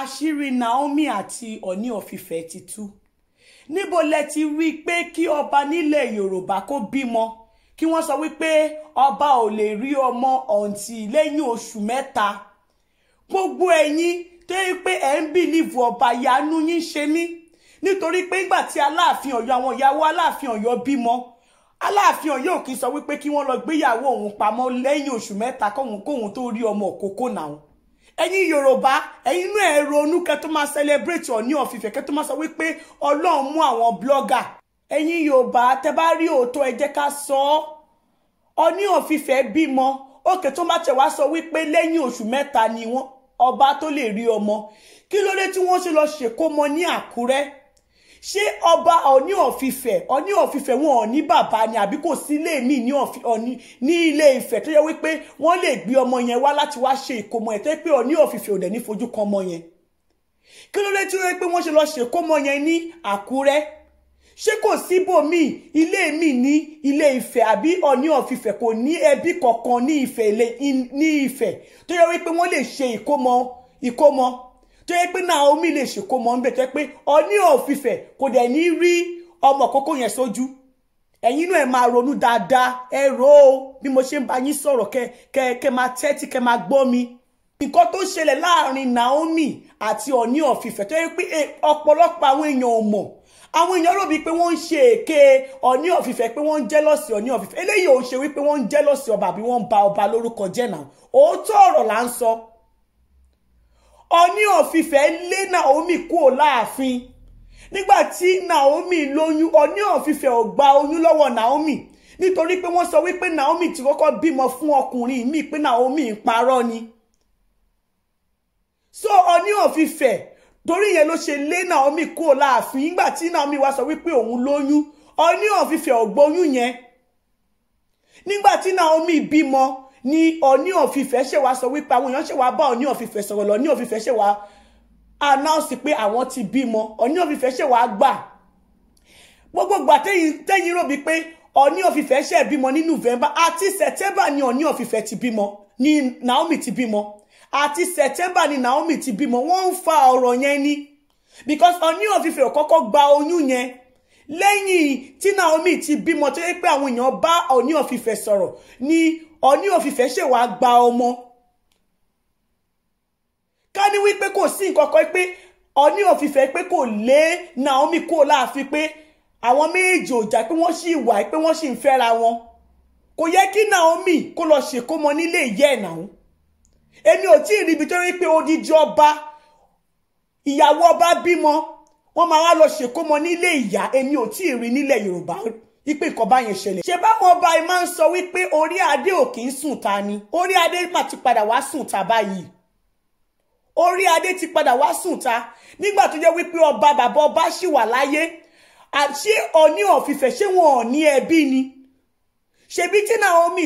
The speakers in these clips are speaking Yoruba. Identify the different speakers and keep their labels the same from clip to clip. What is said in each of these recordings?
Speaker 1: àṣírí Naomi àti Ọ̀ní of Ifẹ̀ ti tú níbo lẹ ti rí i pé kí ọba nílẹ̀ Yorùbá kó bímọ kí wọ́n sọ wípé ọba ò lè rí ọmọ ọ̀ǹtì lẹ́yìn oṣù mẹ́ta gbogbo ẹ̀yin tó yẹ pé ẹ̀ ń bìlíìfù ọba ìyanu yín ṣe mí nítorí pé nígbà tí aláàfin Ọ̀yọ́ àwọn ìyàwó aláàfin Ọ̀yọ́ bímọ aláàfin Ọ̀yọ́ kì í sọ wípé kí wọ́n lọ gbéyàwó òun pamọ́ lẹ́yìn oṣù mẹ́ta kóhun kóhun tó rí ọmọ òkókó náà ẹ̀yin yorùbá ẹ̀yin inú ẹ ronú kẹ́ máa celebrate Ọọ̀ni of Ifẹ̀ kẹ́ tó máa sọ wípé ọlọ́run mú àwọn blogger ẹ̀yin yorùbá tẹ́ bá rí òótọ́ ẹ jẹ́ ká sọ ọ́ Ọọ̀ni of Ifẹ̀ bímọ òkè tó má tẹ̀ sọ wípé lẹ́yìn oṣù mẹ́ta ni wọ́n ọba tó lè rí ọmọ kí ló dé tí wọ́n ṣe lọ ṣèkómọ ní àkúrẹ́ ṣé ọba ọ̀ní ọ̀fìfẹ̀ ọ̀ní ọ̀fìfẹ̀ wọn ò ní bàbá ni àbí kò sí ilé mi ní ọ̀ní ní ilé Ifẹ̀ tó yẹ wípé wọ́n lè gbé ọmọ yẹn wá láti wá ṣe ìkómọ ẹ̀ tó yẹ pé ọ̀ní ọ̀fìfẹ̀ ò dẹ̀ ní fojú kan ọmọ yẹn kí ló dé tí ó yẹ pé wọ́n ṣe lọ ṣèkómọ yẹn ní Àkúrẹ́ ṣé kò síbòmíì ilé mi ní ilé Ifẹ̀ àbí ọ̀ní ọ̀fìfẹ̀ kò ní ẹbí kankan ní Ifẹ̀ ní Ifẹ̀ tó yẹ wípé wọ́n lè ṣe ìkómọ ìkómọ tó yẹ pé Naomi lè ṣèkó mọ́ níbẹ̀ tó yẹ pé ọní òfìfẹ́ kò dẹ̀ ní rí ọmọ kókó yẹn sójú ẹ̀yin náà ẹ máa ronú dáadáa ẹ rò ó bí mo ṣe ń bá yín sọ̀rọ̀ kẹ kẹ kẹ máa tẹ́tí kẹ máa gbọ́ mi nǹkan tó ṣẹlẹ̀ láàrin Naomi àti ọ̀ní ọ̀fìfẹ́ tó yẹ pé e, ọ̀pọ̀lọpọ̀ àwọn èèyàn ò mọ̀ àwọn èèyàn rò bíi pé wọ́n ń ṣe èké ọ̀ní ọ̀fìfẹ́ pé wọ́n ń jẹ́lọ́sì ọ̀ní ọ̀fìfẹ́ eléyìí ò ṣe wípé wọ́n ń jẹ́lọ́sì ọba àbí wọ́n ń ba ọba lórúkọ jẹ́ náà òótọ́ ọ̀rọ̀ là ń sọ ọní ọ̀fìfẹ́ lé Naomi kúrò láàfin nígbà tí Naomi lóyún ọní ọ̀fìfẹ́ ò gba oyún lọ́wọ́ Naomi nítorí pé wọ́n sọ wípé Naomi ti kọ́kọ́ bímọ fún ọkùnrin míì pé Naomi ń parọ́ ni so ọní ọ̀fìfẹ́ torí yẹn ló ṣe lé Naomi kúrò láàfin nígbà tí Naomi wá sọ wípé òun lóyún ọní ọ̀fìfẹ́ ò gbóyún yẹn nígbà tí Naomi bímọ ni Ọ̀ní of Ifẹ̀ ṣe wá sọ wípé àwọn èèyàn ṣe wá bá Ọ̀ní of Ifẹ̀ sọ̀rọ̀ lọ Ọ̀ní of Ifẹ̀ ṣe wá announce pé àwọn ti bímọ Ọ̀ní of Ifẹ̀ ṣe wá gbà gbogbo gbà tẹ́yìn rò bí pé Ọ̀ní of Ifẹ̀ ṣe November àti September ni Ọ̀ní of Ifẹ̀ ti bímọ ni Naomi ti bímọ àti September ni Naomi ti bímọ wọ́n fa ọ̀rọ̀ yẹn ni because Ọ̀ní of Ifẹ̀ ò kọ́kọ́ gba oyún yẹn lẹ́yìn tí Naomi ti bímọ tó yẹ pé àwọn èèyàn bá Ọ̀ní of Ifẹ̀ ni ọ̀ní òfìfẹ́ ṣe wàá gba ọmọ ká ní wípé kò sí nǹkan kan pé ọ̀ní òfìfẹ́ pé kò lé Naomi kó láàfin pé àwọn méjì ò jà pé wọ́n sì wà pé wọ́n sì ń fẹ́ra wọn kò yẹ kí Naomi kó lọ ṣèkómọ nílé ìyá ẹ̀ náà èmi ò tí ì ríbi tó rí pé odidi ọba ìyàwó ọba bímọ wọ́n máa wá lọ ṣèkómọ nílé ìyá èmi ò tí ì rí nílẹ̀ Yorùbá ipe nǹkan báyẹn ṣẹlẹ̀. ṣe báwọn ọba ẹ máa ń sọ wípé orí adé ò kì í sùn ta ni orí adé mà ti padà wá sùn ta báyìí orí adé ti padà wá sùn ta nígbà tó jẹ́ wípé ọba bàbá ọba ṣì wà láyé àṣé Ọọ̀ni of Ifẹ̀ ṣé wọn ò ní ẹbí ni ṣebí tí Naomi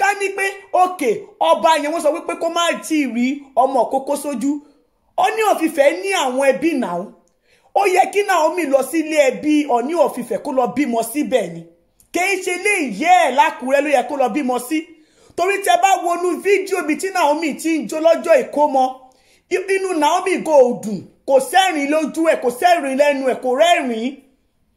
Speaker 1: ká ní pé òkè ọba yẹn wọ́n sọ wípé kó má tí ì rí ọmọ kókó sójú Ọọ̀ni of ní àwọn ẹbí náà ó yẹ kí Naomi lọ sí ilé ẹbí Ọ̀ní of Ifẹ̀ kó lọ bímọ síbẹ̀ ni kì í ṣe ilé ìyẹ́ ẹ̀ lákùrẹ́ ló yẹ kó lọ bímọ sí torí tẹ bá wọnú fídíò bíi tí Naomi ti ń jó lọ́jọ́ ìkómọ inú Naomi go dùn kò sẹ́rìn lójú ẹ̀ kò sẹ́rìn lẹ́nu ẹ̀ kò rẹ́rìn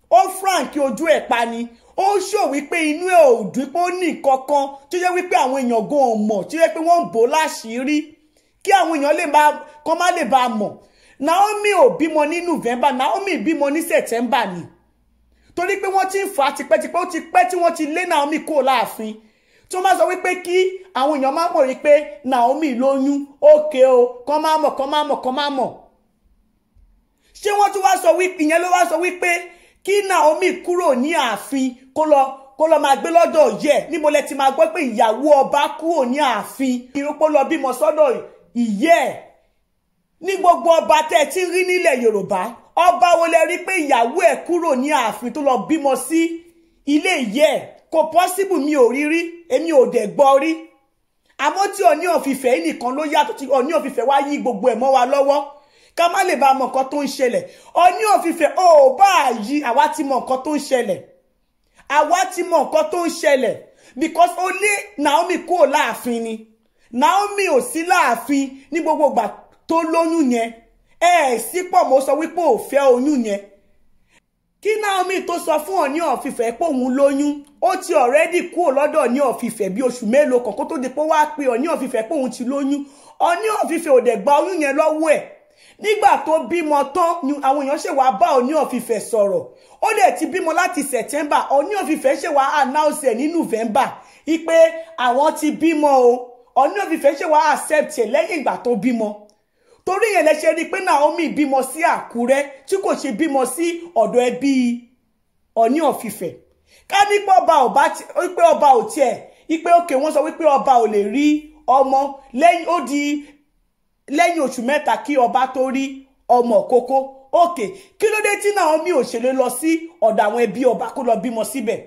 Speaker 1: ó frank ojú ẹ̀ pa ni ó ṣò wípé inú ẹ̀ ò dùn pé ó ní kankan tó yẹ wípé àwọn èèyàn gan ò mọ̀ tó yẹ pé wọ́n ń bò láṣìírí kí àwọn èèyàn lè máa kọ́ má lè bá mọ̀ Naomi ò bímọ ní November Naomi bímọ ní September ni torí pé wọ́n ti ń fà á ó ti pẹ́ tí wọ́n ti lé Naomi kó láàfin tí wọ́n bá sọ wípé kí àwọn èèyàn máa mọ̀ rí pé Naomi lóyún òkè o kán máa mọ̀ kán máa mọ̀ kán máa mọ̀ ṣé wọ́n tún wá sọ wípé ìyẹn ló wá sọ wípé kí Naomi kúrò ní ààfin kó lọ kó lọ máa gbé lọ́dọ̀ yẹ níbo lẹ ti máa gbọ́ pé ìyàwó ọba kúrò ní ààfin irúpó lọ bímọ sọ́dọ̀ ìyẹ́ ẹ̀ ní gbogbo ọba tẹ́ ẹ ti rí nílẹ̀ yorùbá ọba wo lẹ rí pé ìyàwó ẹ̀ kúrò ní ààfin tó lọ bímọ sí ilé ìyẹ́ ẹ̀ kò pọ́síbù mi ò rí rí èmi ò dẹ̀ gbọ́ rí àmọ́ tí ọ̀ní ọ̀fìfẹ́ nìkan ló yàtọ̀ tí ọ̀ní ọ̀fìfẹ́ wá yí gbogbo ẹ̀ mọ́ wa lọ́wọ́ ká má lè bá mọ nǹkan tó ń ṣẹlẹ̀ ọ̀ní ọ̀fìfẹ́ ò bá yí àwa ti mọ nǹkan tó ń ṣẹlẹ̀ àwa ti mọ nǹkan tó ń ṣẹlẹ̀ because ó lé Naomi kúrò láàfin ni Naomi ò sí láàfin ní gbogbo ìgbà tó lóyún yẹn ẹ ẹ̀ sípò mo sọ wípé ò fẹ́ oyún yẹn kí Naomi tó sọ fún Ọọ̀ni of Ifẹ̀ pé òun lóyún ó ti ọ̀rẹ́dì kúrò lọ́dọ̀ Ọọ̀ni of Ifẹ̀ bí oṣù mélòó kan kó tó di pé wá pe Ọọ̀ni of Ifẹ̀ pé òun ti lóyún Ọọ̀ni of Ifẹ̀ ò dẹ̀ gba oyún yẹn lọ́wọ́ ẹ̀ nígbà tó bímọ tán ni àwọn èèyàn ṣe wàá bá Ọọ̀ni of Ifẹ̀ sọ̀rọ̀ ó dẹ̀ ti bímọ láti September Ọọ̀ni of Ifẹ̀ ṣe wàá announce ẹ̀ ní November ipe àwọn ti bímọ o Ọọ̀ni of Ifẹ̀ ṣe wàá accept ẹ̀ lẹ́yìn ìgbà tó bímọ torí yẹn lẹ ṣe rí i pé Naomi bímọ sí Àkúrẹ́ tí kò ṣe bímọ sí ọ̀dọ̀ ẹbí Ọọ̀ni of Ifẹ̀ ká ní pé ọba ò bá wípé ọba ò tiẹ̀ wípé òkè wọ́n sọ wípé ọba ò lè rí ọmọ lẹ́yìn ó di lẹ́yìn oṣù mẹ́ta kí ọba tó rí ọmọ kókó òkè kí ló dé tí Naomi ò lọ sí ọ̀dọ̀ àwọn ẹbí ọba kó lọ bímọ síbẹ̀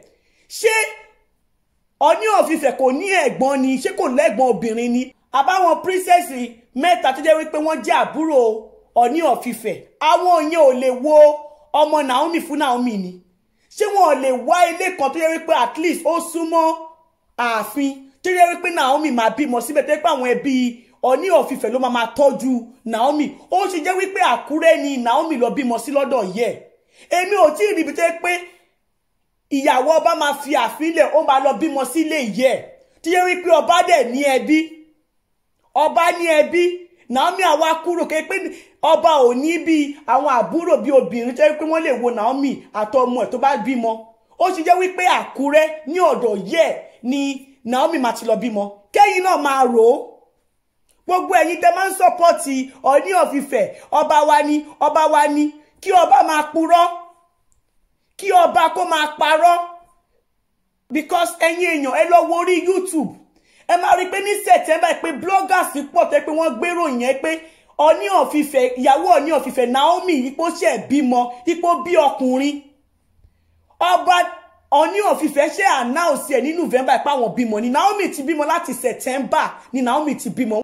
Speaker 1: ṣé Ọọ̀ni of kò ní ẹ̀gbọ́n ni ṣé kò lẹ́gbọ́n obìnrin ni àbáwọn princess mẹ́ta tó jẹ́ wípé wọ́n jẹ́ àbúrò ọ̀ní ọ̀fìfẹ́ àwọn yẹn ò lè wo ọmọ Naomi fún Naomi ni ṣé wọn ò lè wá ilé kan tó jẹ́ wípé at least ó súnmọ́ ààfin tó jẹ́ wípé Naomi máa bímọ síbẹ̀ tó jẹ́ pé àwọn ẹbí ọ̀ní ọ̀fìfẹ́ ló máa máa tọ́jú Naomi ó sì jẹ́ wípé Àkúrẹ́ ni Naomi lọ bímọ sí lọ́dọ̀ yẹ èmi ò tí ì ríbi tó jẹ́ pé ìyàwó ọba máa fi àfilẹ̀ ó máa lọ bímọ sílé yẹ tó jẹ́ wípé ọba dẹ̀ ní ẹbí ọba ní ẹbí Naomi àwa kúrò pé ọba ò ní bí àwọn àbúrò bíi obìnrin tó yẹ pé wọ́n lè wo Naomi àtọmọ ẹ̀ tó bá bímọ ó ti jẹ́ wípé Àkúrẹ́ ní ọ̀dọ̀ yẹ̀ ni Naomi máa ti lọ bímọ kẹ́yìn náà máa rò ó gbogbo ẹ̀yin tẹ́ máa ń sọ́pọ́tì Ọọ̀ni of ọba wa ni ọba wa ni kí ọba máa purọ́ kí ọba kó máa parọ́ because ẹ̀yin èèyàn ẹ lọ wo orí YouTube ẹ máa rí i pé ní September pé bloggers pọ̀ tẹ́ pé wọ́n gbèrò yẹn pé ọní ọ̀fìfẹ́ ìyàwó ọní ọ̀fìfẹ́ Naomi ipò ṣe bímọ ipò bí ọkùnrin ọba ọní ọ̀fìfẹ́ ṣe announce ẹ̀ ní November ìpàwọn bímọ ni Naomi ti bímọ láti September ni Naomi ti bímọ.